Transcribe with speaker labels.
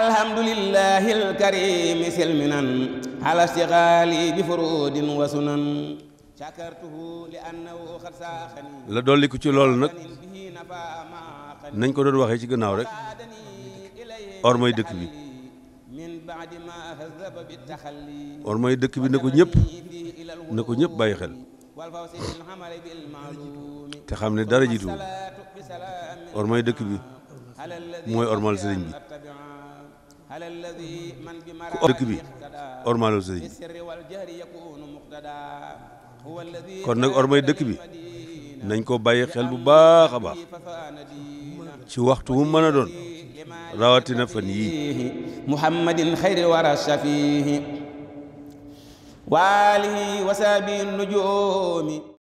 Speaker 1: alhamdulillahi alkarimi silminan ala istighali bi furudin wa sunan shakartuhu
Speaker 2: la dolli ko ci lool nag nañ ko doon waxee ci gannaaw rek or mooy dëkk bi or mooy dëkk bi na ko ñëpp na ko ñëpp bàyyi xel te xam ne dara jiitu or mooy dëkk bi mooy ormal sëriñ bi dëkk bi ormaal sëriñ bi kon nag ormay dëkk bi nañ ko bàyyi xel bu baax a baax ci waxtu wu mën a doon rawatina fan yii muhammadin xayri wara shafihi
Speaker 3: waalihi wasaabi nujoomi